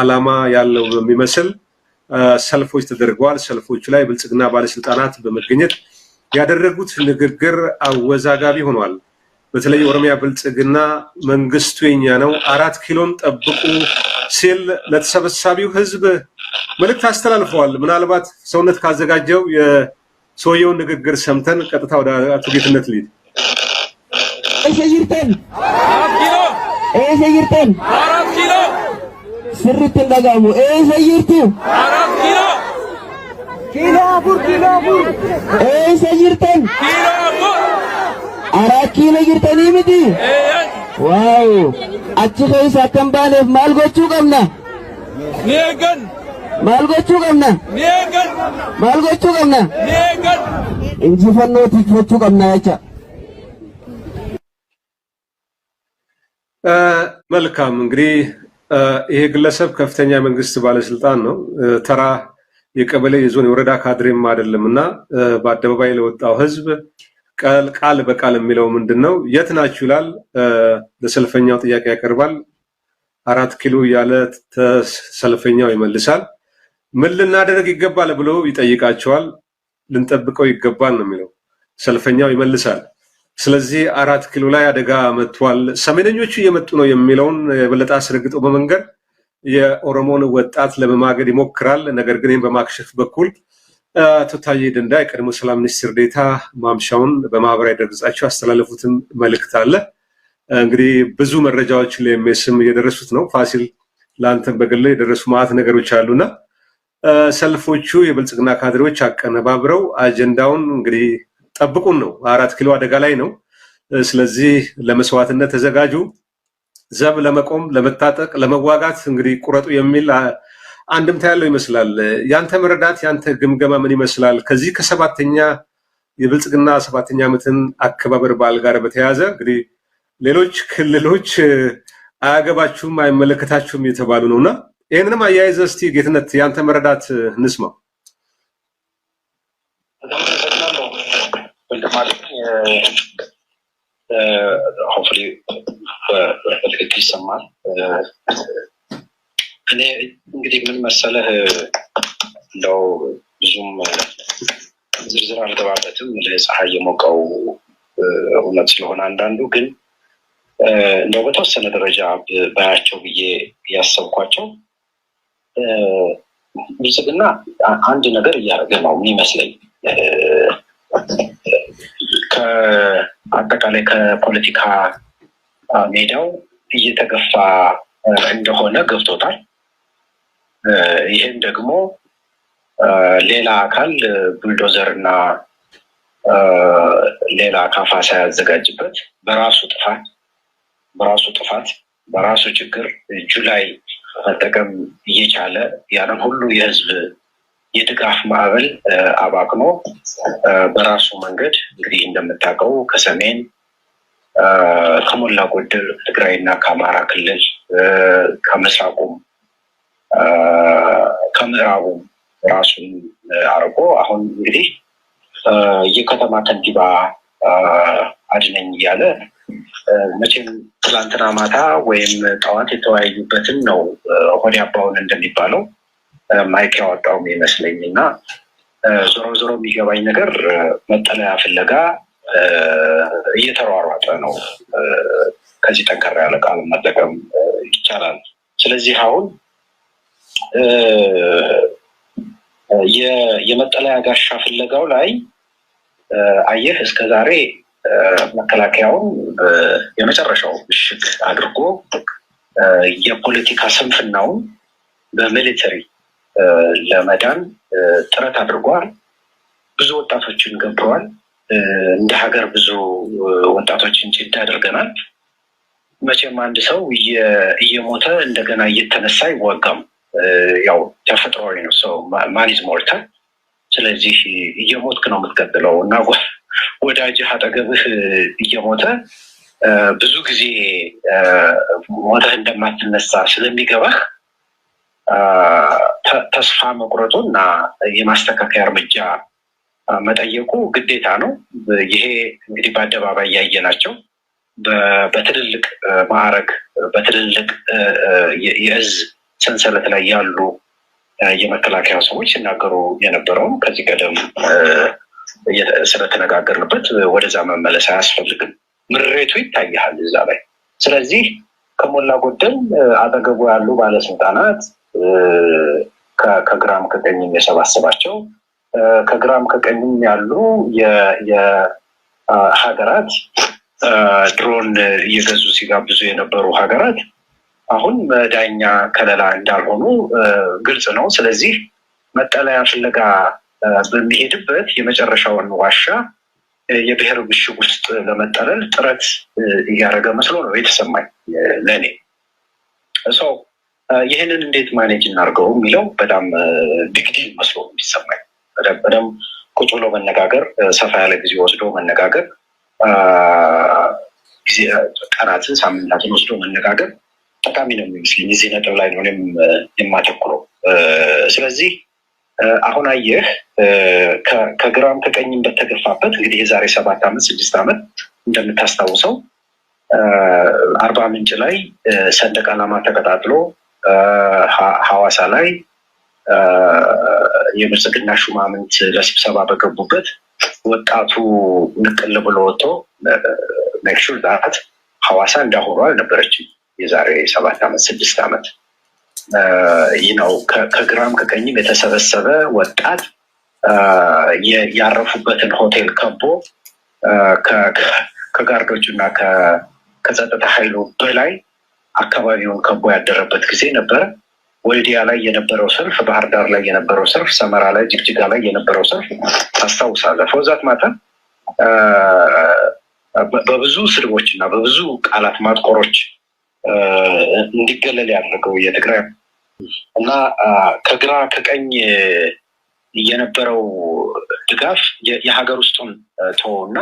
ዓላማ ያለው በሚመስል ሰልፎች ተደርገዋል። ሰልፎቹ ላይ ብልጽግና ባለስልጣናት በመገኘት ያደረጉት ንግግር አወዛጋቢ ሆኗል። በተለይ ኦሮሚያ ብልጽግና መንግስቱ የኛ ነው፣ አራት ኪሎን ጠብቁ ሲል ለተሰበሳቢው ህዝብ መልእክት አስተላልፈዋል። ምናልባት ሰውነት ካዘጋጀው የሰውየውን ንግግር ሰምተን ቀጥታ ወደ አቶ ጌትነት ልሂድ። ይርተን sirriitti hin dhagahamu. Eessa jirtu? Kiiloo afur. Kiiloo afur. Eessa jirtan? Kiiloo afur. Araa kiiloo jirtanii miti? Waaw. Achi keessa akkam baaneef maal gochuu qabna? Ni eeggan. Maal gochuu qabna? Ni eeggan. Maal gochuu qabna? Ni eeggan. Injifannoo tijfachuu qabna jecha. መልካም እንግዲህ ይሄ ግለሰብ ከፍተኛ መንግስት ባለስልጣን ነው። ተራ የቀበሌ የዞን የወረዳ ካድሬም አይደለም እና በአደባባይ ለወጣው ህዝብ ቃል በቃል የሚለው ምንድን ነው? የት ናችሁ ይላል። ለሰልፈኛው ጥያቄ ያቀርባል። አራት ኪሎ ያለ ሰልፈኛው ይመልሳል። ምን ልናደርግ ይገባል ብሎ ይጠይቃቸዋል። ልንጠብቀው ይገባል ነው የሚለው። ሰልፈኛው ይመልሳል። ስለዚህ አራት ኪሎ ላይ አደጋ መጥቷል፣ ሰሜነኞቹ እየመጡ ነው የሚለውን የበለጠ አስረግጠው በመንገድ የኦሮሞን ወጣት ለመማገድ ይሞክራል። ነገር ግን ይህም በማክሸፍ በኩል አቶ ታዬ ደንዳ የቀድሞ ሰላም ሚኒስትር ዴታ ማምሻውን በማህበራዊ ድረገጻቸው ያስተላለፉትን መልእክት አለ። እንግዲህ ብዙ መረጃዎች ለሚስም እየደረሱት ነው። ፋሲል ለአንተን በግል የደረሱ ማዕት ነገሮች አሉና ሰልፎቹ የብልጽግና ካድሬዎች አቀነባብረው አጀንዳውን እንግዲህ ጠብቁን ነው። አራት ኪሎ አደጋ ላይ ነው። ስለዚህ ለመስዋዕትነት ተዘጋጁ። ዘብ ለመቆም ለመታጠቅ፣ ለመዋጋት እንግዲህ ቁረጡ የሚል አንድምታ ያለው ይመስላል። ያንተ መረዳት፣ ያንተ ግምገማ ምን ይመስላል? ከዚህ ከሰባተኛ የብልጽግና ሰባተኛ ዓመትን አከባበር በዓል ጋር በተያያዘ እንግዲህ ሌሎች ክልሎች አያገባችሁም አይመለከታችሁም የተባሉ ነውና ይህንንም አያይዘ እስቲ ጌትነት ያንተ መረዳት እንስማው። ወንድማለም በትክክል ይሰማል። እኔ እንግዲህ ምን መሰለህ እንደው ብዙም ዝርዝር አልገባበትም። ለፀሐይ የሞቀው እውነት ስለሆነ አንዳንዱ ግን እንደው በተወሰነ ደረጃ ባያቸው ብዬ ያሰብኳቸው ብልጽግና አንድ ነገር እያደረገ ነው የሚመስለኝ ከአጠቃላይ ከፖለቲካ ሜዳው እየተገፋ እንደሆነ ገብቶታል። ይህም ደግሞ ሌላ አካል ቡልዶዘር እና ሌላ አካፋ ሳያዘጋጅበት በራሱ ጥፋት በራሱ ጥፋት በራሱ ችግር እጁ ላይ መጠቀም እየቻለ ያንን ሁሉ የህዝብ የድጋፍ ማዕበል አባክኖ በራሱ መንገድ እንግዲህ እንደምታውቀው ከሰሜን ከሞላ ጎደል ከትግራይና ከአማራ ክልል ከምስራቁም ከምዕራቡም ራሱን አርጎ አሁን እንግዲህ የከተማ ከንቲባ አድነኝ እያለ መቼም ትላንትና ማታ ወይም ጠዋት የተወያዩበትን ነው ሆዲ አባውን እንደሚባለው ማይክ ያወጣውም ይመስለኝ እና ዞሮ ዞሮ የሚገባኝ ነገር መጠለያ ፍለጋ እየተሯሯጠ ነው። ከዚህ ጠንከራ ያለ ቃል መጠቀም ይቻላል። ስለዚህ አሁን የመጠለያ ጋሻ ፍለጋው ላይ አየህ እስከ ዛሬ መከላከያውን የመጨረሻው ምሽግ አድርጎ የፖለቲካ ስንፍናውን በሚሊተሪ ለመዳን ጥረት አድርጓል። ብዙ ወጣቶችን ገብተዋል። እንደ ሀገር ብዙ ወጣቶችን ጭድ አድርገናል። መቼም አንድ ሰው እየሞተ እንደገና እየተነሳ አይዋጋም። ያው ተፈጥሯዊ ነው። ሰው ማኒዝ ሞርታል። ስለዚህ እየሞትክ ነው የምትቀጥለው እና ወዳጅህ አጠገብህ እየሞተ ብዙ ጊዜ ሞተህ እንደማትነሳ ስለሚገባህ ተስፋ መቁረጡ እና የማስተካከያ እርምጃ መጠየቁ ግዴታ ነው። ይሄ እንግዲህ በአደባባይ ያየ ናቸው። በትልልቅ ማዕረግ በትልልቅ የእዝ ሰንሰለት ላይ ያሉ የመከላከያ ሰዎች ሲናገሩ የነበረውም ከዚህ ቀደም ስለተነጋገርንበት ወደዛ መመለስ አያስፈልግም። ምሬቱ ይታያል እዛ ላይ። ስለዚህ ከሞላ ጎደል አጠገቡ ያሉ ባለስልጣናት ከግራም ከቀኝም የሰባሰባቸው ከግራም ከቀኝም ያሉ የሀገራት ድሮን እየገዙ ሲጋብዙ የነበሩ ሀገራት አሁን መዳኛ ከለላ እንዳልሆኑ ግልጽ ነው። ስለዚህ መጠለያ ፍለጋ በሚሄድበት የመጨረሻውን ዋሻ የብሔር ምሽግ ውስጥ ለመጠለል ጥረት እያደረገ መስሎ ነው የተሰማኝ ለእኔ ሰው ይህንን እንዴት ማኔጅ እናድርገው የሚለው በጣም ቢግዲል መስሎ የሚሰማኝ በደንብ ቁጭ ብሎ መነጋገር፣ ሰፋ ያለ ጊዜ ወስዶ መነጋገር፣ ቀናትን ሳምንታትን ወስዶ መነጋገር ጠቃሚ ነው የሚመስለኝ። እዚህ ነጥብ ላይ ነው እኔም የማተኩረው። ስለዚህ አሁን አየህ ከግራም ከቀኝም በተገፋበት እንግዲህ የዛሬ ሰባት ዓመት ስድስት ዓመት እንደምታስታውሰው አርባ ምንጭ ላይ ሰንደቅ ዓላማ ተቀጣጥሎ ሐዋሳ ላይ የብልጽግና ሹማምንት ለስብሰባ በገቡበት ወጣቱ ንቅል ብሎ ወጥቶ ሜክሹር ዛት ሐዋሳ እንዳሆኑ አልነበረችም። የዛሬ ሰባት ዓመት ስድስት ዓመት ይህ ነው። ከግራም ከቀኝም የተሰበሰበ ወጣት ያረፉበትን ሆቴል ከቦ ከጋርዶቹ እና ከጸጥታ ኃይሉ በላይ አካባቢውን ከቦ ያደረበት ጊዜ ነበረ። ወልዲያ ላይ የነበረው ሰልፍ፣ ባህር ዳር ላይ የነበረው ሰልፍ፣ ሰመራ ላይ፣ ጅግጅጋ ላይ የነበረው ሰልፍ ታስታውሳለህ። ፈውዛት ማታ በብዙ ስድቦች እና በብዙ ቃላት ማጥቆሮች እንዲገለል ያደረገው የትግራይ እና ከግራ ከቀኝ የነበረው ድጋፍ የሀገር ውስጡን ተወው እና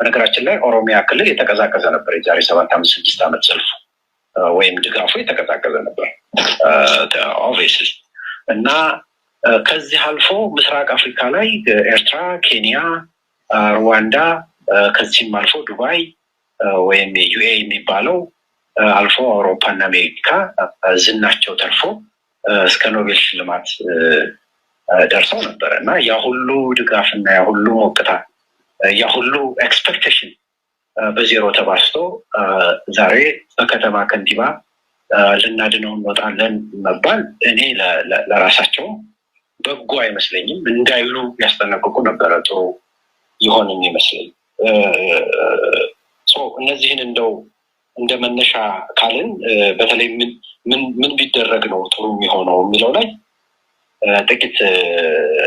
በነገራችን ላይ ኦሮሚያ ክልል የተቀዛቀዘ ነበር የዛሬ ሰባት አምስት ስድስት ዓመት ሰልፉ ወይም ድጋፉ የተቀዛቀዘ ነበር ኦብቪየስሊ እና ከዚህ አልፎ ምስራቅ አፍሪካ ላይ ኤርትራ፣ ኬንያ፣ ሩዋንዳ ከዚህም አልፎ ዱባይ ወይም ዩኤ የሚባለው አልፎ አውሮፓና አሜሪካ ዝናቸው ተርፎ እስከ ኖቤል ሽልማት ደርሰው ነበረ እና ያሁሉ ድጋፍና ያሁሉ ሞቅታ ያሁሉ ኤክስፔክቴሽን በዜሮ ተባስቶ ዛሬ በከተማ ከንቲባ ልናድነው እንወጣለን መባል እኔ ለራሳቸው በጎ አይመስለኝም። እንዳይሉ ያስጠነቅቁ ነበረ ጥሩ ይሆንም ይመስለኝ። እነዚህን እንደው እንደ መነሻ ካልን በተለይ ምን ቢደረግ ነው ጥሩ የሚሆነው የሚለው ላይ ጥቂት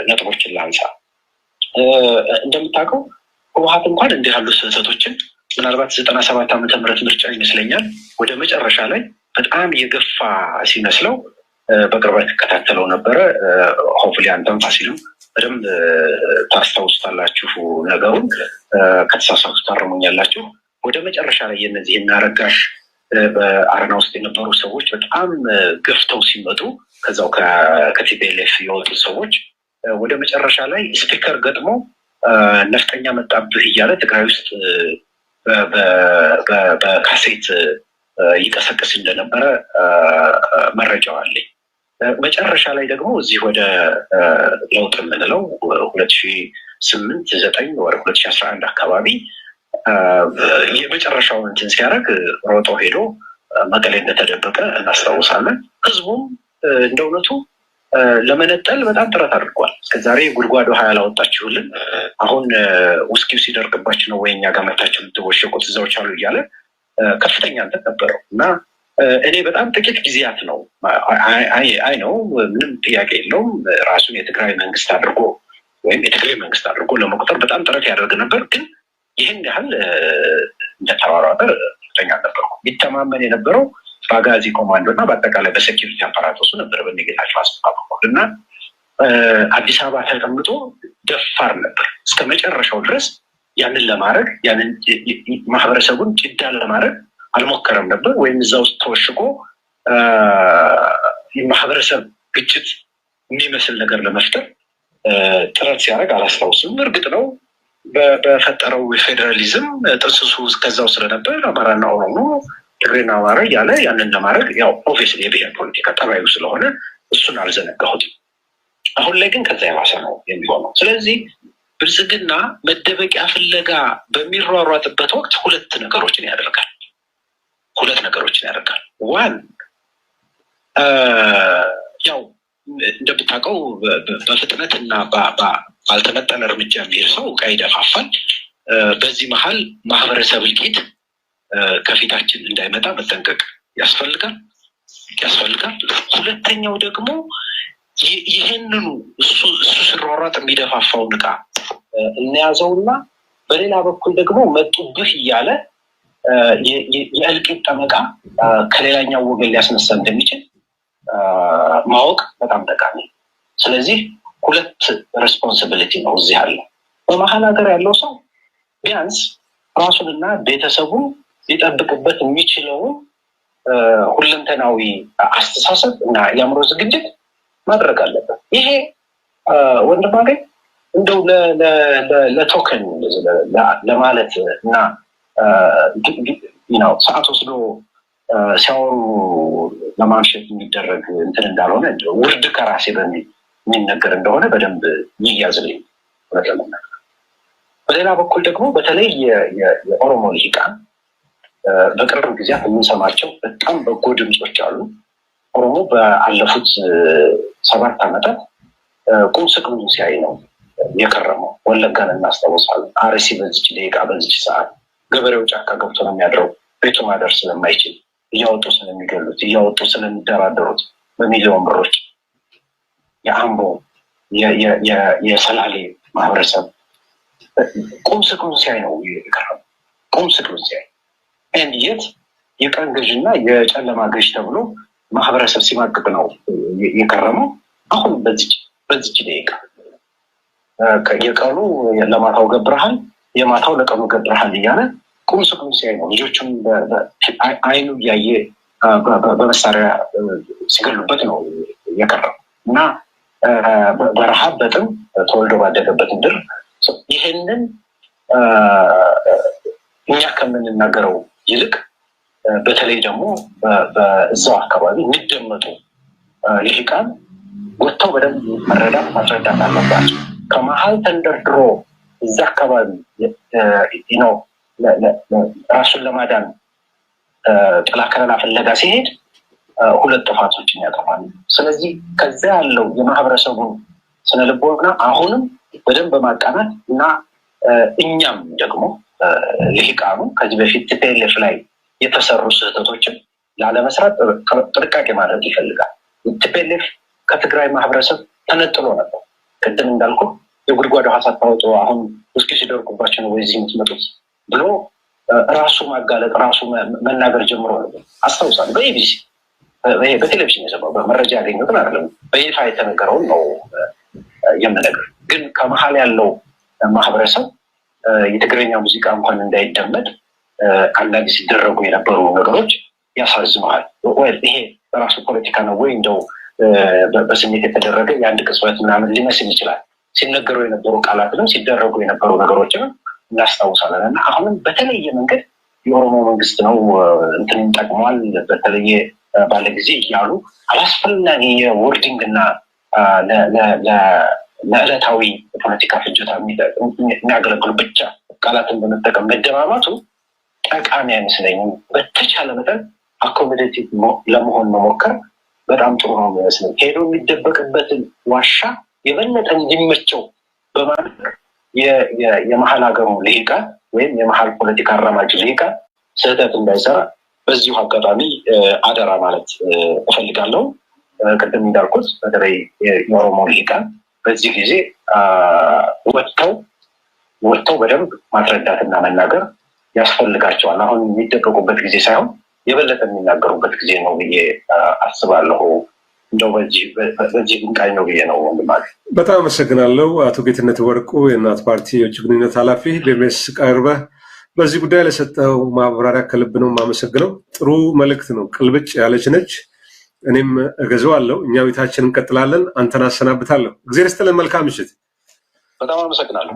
ነጥቦችን ላንሳ። እንደምታውቀው ህወሀት እንኳን እንዲህ ያሉ ስህተቶችን ምናልባት ዘጠና ሰባት ዓመተ ምህረት ምርጫ ይመስለኛል ወደ መጨረሻ ላይ በጣም የገፋ ሲመስለው በቅርበት እከታተለው ነበረ። ሆፍሊ አንተም ፋሲልም በደንብ ታስታውስታላችሁ ነገሩን። ከተሳሳቱ ታረሙኛላችሁ። ወደ መጨረሻ ላይ የነዚህ የሚያረጋሽ በአረና ውስጥ የነበሩ ሰዎች በጣም ገፍተው ሲመጡ ከዛው ከቲቤሌፍ የወጡ ሰዎች ወደ መጨረሻ ላይ ስፒከር ገጥሞ ነፍጠኛ መጣብህ እያለ ትግራይ ውስጥ በካሴት ይቀሰቅስ እንደነበረ መረጃው አለኝ። መጨረሻ ላይ ደግሞ እዚህ ወደ ለውጥ የምንለው ሁለት ሺ ስምንት ዘጠኝ ወደ ሁለት ሺ አስራ አንድ አካባቢ የመጨረሻው እንትን ሲያደርግ ሮጦ ሄዶ መቀሌ እንደተደበቀ እናስታውሳለን። ህዝቡም እንደ እውነቱ ለመነጠል በጣም ጥረት አድርጓል። ከዛሬ ጉድጓድ ውሃ ያላወጣችሁልን አሁን ውስኪው ሲደርቅባችሁ ነው ወይ እኛ ጋር መታችሁ የምትወሸቁት እዛዎች አሉ እያለ ከፍተኛ እንትን ነበረው እና እኔ በጣም ጥቂት ጊዜያት ነው አይ ነው ምንም ጥያቄ የለውም። ራሱን የትግራይ መንግስት አድርጎ ወይም የትግራይ መንግስት አድርጎ ለመቁጠር በጣም ጥረት ያደርግ ነበር። ግን ይህን ያህል እንደተባራበር ተኛ ነበርኩ። ቢተማመን የነበረው በአጋዚ ኮማንዶ እና በአጠቃላይ በሴኪሪቲ አፓራቶሱ ነበር በሚጌታቸው አስባባ እና አዲስ አበባ ተቀምጦ ደፋር ነበር እስከ መጨረሻው ድረስ። ያንን ለማድረግ ያንን ማህበረሰቡን ጭዳ ለማድረግ አልሞከረም ነበር ወይም እዛ ውስጥ ተወሽቆ ማህበረሰብ ግጭት የሚመስል ነገር ለመፍጠር ጥረት ሲያደርግ አላስታውስም። እርግጥ ነው በፈጠረው የፌዴራሊዝም ጥንስሱ ከዛው ስለነበር አማራና ኦሮሞ፣ ትግሬና አማራ እያለ ያንን ለማድረግ ያው ኦብቪየስሊ የብሄር ፖለቲካ ጠባዩ ስለሆነ እሱን አልዘነጋሁትም። አሁን ላይ ግን ከዛ የባሰ ነው የሚሆነው። ስለዚህ ብልጽግና መደበቂያ ፍለጋ በሚሯሯጥበት ወቅት ሁለት ነገሮችን ያደርጋል። ሁለት ነገሮችን ያደርጋል። ዋን ያው እንደምታውቀው በፍጥነት እና ባልተመጠነ እርምጃ የሚሄድ ሰው ዕቃ ይደፋፋል። በዚህ መሀል ማህበረሰብ እልቂት ከፊታችን እንዳይመጣ መጠንቀቅ ያስፈልጋል። ያስፈልጋል። ሁለተኛው ደግሞ ይህንኑ እሱ ሲሯሯጥ የሚደፋፋውን እቃ እንያዘውና በሌላ በኩል ደግሞ መጡብህ እያለ የእልቂት ጠመቃ ከሌላኛው ወገን ሊያስነሳ እንደሚችል ማወቅ በጣም ጠቃሚ። ስለዚህ ሁለት ሬስፖንሲቢሊቲ ነው እዚህ አለ። በመሀል ሀገር ያለው ሰው ቢያንስ ራሱንና ቤተሰቡን ሊጠብቅበት የሚችለውን ሁለንተናዊ አስተሳሰብ እና የአእምሮ ዝግጅት ማድረግ አለበት። ይሄ ወንድማገኝ እንደው ለቶከን ለማለት እና ሰዓት ወስዶ ሲያወሩ ለማምሸት የሚደረግ እንትን እንዳልሆነ ውርድ ከራሴ በሚል የሚነገር እንደሆነ በደንብ ይያዝልኝ። በሌላ በኩል ደግሞ በተለይ የኦሮሞ ልሂቃን በቅርብ ጊዜ የምንሰማቸው በጣም በጎ ድምፆች አሉ። ኦሮሞ በአለፉት ሰባት ዓመታት ቁም ስቅሉን ሲያይ ነው የከረመው። ወለጋን እናስታውሳለን። አርሲ በዚች ደቂቃ በዚች ሰዓት ገበሬው ጫካ ገብቶ ነው የሚያድረው። ቤቱ ማደር ስለማይችል እያወጡ ስለሚገሉት፣ እያወጡ ስለሚደራደሩት በሚሊዮን ብሮች የአምቦ የሰላሌ ማህበረሰብ ቁም ስቅሉን ሲያይ ነው የከረመው። ቁም ስቅሉን ሲያይ ኤንድ የቀን ገዥ እና የጨለማ ገዥ ተብሎ ማህበረሰብ ሲማቅቅ ነው የከረመው። አሁን በዚች ደቂቃ የቀኑ ለማታው ገብረሃል፣ የማታው ለቀኑ ገብረሃል እያለ ቁም ስቅሉን ሲያይ ነው። ልጆቹም አይኑ እያየ በመሳሪያ ሲገሉበት ነው የቀረው እና በረሃብ በጥም ተወልዶ ባደገበት ምድር ይህንን እኛ ከምንናገረው ይልቅ በተለይ ደግሞ በእዛው አካባቢ የሚደመጡ ልሂቃን ወጥተው በደንብ መረዳት ማስረዳት አለባቸው። ከመሀል ተንደርድሮ እዛ አካባቢ ነው ራሱን ለማዳን ጥላ ከለላ ፍለጋ ሲሄድ ሁለት ጥፋቶችን ያጠፋል። ስለዚህ ከዛ ያለው የማህበረሰቡን ስነልቦና አሁንም በደንብ በማቃናት እና እኛም ደግሞ ልሂቃኑ ከዚህ በፊት ቲፒኤልኤፍ ላይ የተሰሩ ስህተቶችን ላለመስራት ጥንቃቄ ማድረግ ይፈልጋል። ቲፒኤልኤፍ ከትግራይ ማህበረሰብ ተነጥሎ ነበር። ቅድም እንዳልኩ የጉድጓድ ውሃ ሳታወጡ አሁን ውስኪ ሲደርጉባቸው ነው ወይዚህ የምትመጡት ብሎ ራሱ ማጋለጥ ራሱ መናገር ጀምሮ ነበር። አስታውሳለሁ በኢቢሲ በቴሌቪዥን የሰማው መረጃ ያገኘሁትን አይደለም፣ በይፋ የተነገረውን ነው የምነግር። ግን ከመሀል ያለው ማህበረሰብ የትግርኛ ሙዚቃ እንኳን እንዳይደመጥ አንዳንድ ሲደረጉ የነበሩ ነገሮች ያሳዝመሃል። ይሄ በራሱ ፖለቲካ ነው ወይ እንደው በስሜት የተደረገ የአንድ ቅጽበት ምናምን ሊመስል ይችላል። ሲነገሩ የነበሩ ቃላትንም ሲደረጉ የነበሩ ነገሮችንም እናስታውሳለን እና አሁንም በተለየ መንገድ የኦሮሞ መንግስት ነው እንትን ጠቅሟል በተለየ ባለ ጊዜ እያሉ አላስፈላጊ የወርዲንግ እና ለዕለታዊ የፖለቲካ ፍጆታ የሚያገለግሉ ብቻ ቃላትን በመጠቀም መደማማቱ ጠቃሚ አይመስለኝም። በተቻለ መጠን አኮሞዴቲቭ ለመሆን መሞከር በጣም ጥሩ ነው የሚመስለኝ። ሄዶ የሚደበቅበትን ዋሻ የበለጠ እንዲመቸው በማድረግ የመሀል ሀገሩ ልሂቃን ወይም የመሀል ፖለቲካ አራማጅ ልሂቃን ስህተት እንዳይሰራ በዚሁ አጋጣሚ አደራ ማለት እፈልጋለሁ። ቅድም እንዳልኩት በተለይ የኦሮሞ ልሂቃን በዚህ ጊዜ ወጥተው ወጥተው በደንብ ማስረዳትና መናገር ያስፈልጋቸዋል። አሁን የሚደበቁበት ጊዜ ሳይሆን የበለጠ የሚናገሩበት ጊዜ ነው ብዬ አስባለሁ። እንደው በዚህ ድንቃይ ነው ብዬ ነው በጣም አመሰግናለሁ አቶ ጌትነት ወርቁ፣ የእናት ፓርቲ የውጭ ግንኙነት ኃላፊ በሜስ ቀርበህ በዚህ ጉዳይ ለሰጠው ማብራሪያ ከልብ ነው የማመሰግነው። ጥሩ መልእክት ነው፣ ቅልብጭ ያለች ነች። እኔም እገዛዋለሁ። እኛ ቤታችን እንቀጥላለን። አንተን አሰናብታለሁ። እግዜር ይስጥልን። መልካም ምሽት። በጣም አመሰግናለሁ።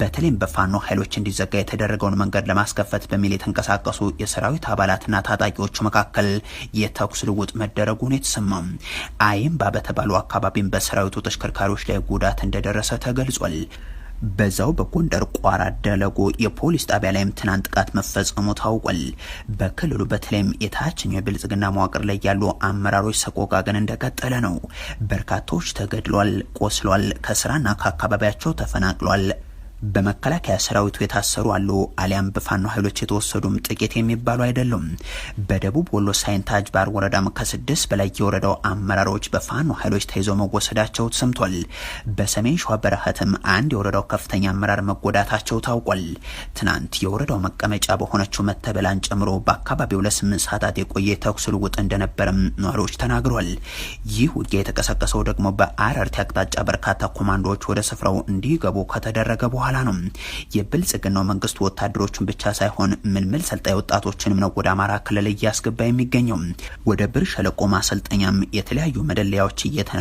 በተለይም በፋኖ ኃይሎች እንዲዘጋ የተደረገውን መንገድ ለማስከፈት በሚል የተንቀሳቀሱ የሰራዊት አባላትና ታጣቂዎቹ መካከል የተኩስ ልውጥ መደረጉን የተሰማም አይምባ በተባሉ አካባቢም በሰራዊቱ ተሽከርካሪዎች ላይ ጉዳት እንደደረሰ ተገልጿል። በዛው በጎንደር ቋራ ደለጎ የፖሊስ ጣቢያ ላይም ትናንት ጥቃት መፈጸሙ ታውቋል። በክልሉ በተለይም የታችኛው የብልጽግና መዋቅር ላይ ያሉ አመራሮች ሰቆቃ ግን እንደቀጠለ ነው። በርካቶች ተገድሏል፣ ቆስሏል፣ ከስራና ከአካባቢያቸው ተፈናቅሏል። በመከላከያ ሰራዊቱ የታሰሩ አሉ፣ አሊያም በፋኖ ኃይሎች የተወሰዱም ጥቂት የሚባሉ አይደሉም። በደቡብ ወሎ ሳይንት አጅባር ወረዳም ከስድስት በላይ የወረዳው አመራሮች በፋኖ ኃይሎች ተይዘው መወሰዳቸው ተሰምቷል። በሰሜን ሸዋ በረሃትም አንድ የወረዳው ከፍተኛ አመራር መጎዳታቸው ታውቋል። ትናንት የወረዳው መቀመጫ በሆነችው መተበላን ጨምሮ በአካባቢው ለስምንት ሰዓታት የቆየ ተኩስ ልውውጥ እንደነበረም ነዋሪዎች ተናግሯል። ይህ ውጊያ የተቀሰቀሰው ደግሞ በአረርቲ አቅጣጫ በርካታ ኮማንዶዎች ወደ ስፍራው እንዲገቡ ከተደረገ በኋላ በኋላ ነው። የብልጽግናው መንግስት ወታደሮቹን ብቻ ሳይሆን ምልምል ሰልጣኝ ወጣቶችንም ነው ወደ አማራ ክልል እያስገባ የሚገኘው። ወደ ብር ሸለቆ ማሰልጠኛም የተለያዩ መደለያዎች እየተነ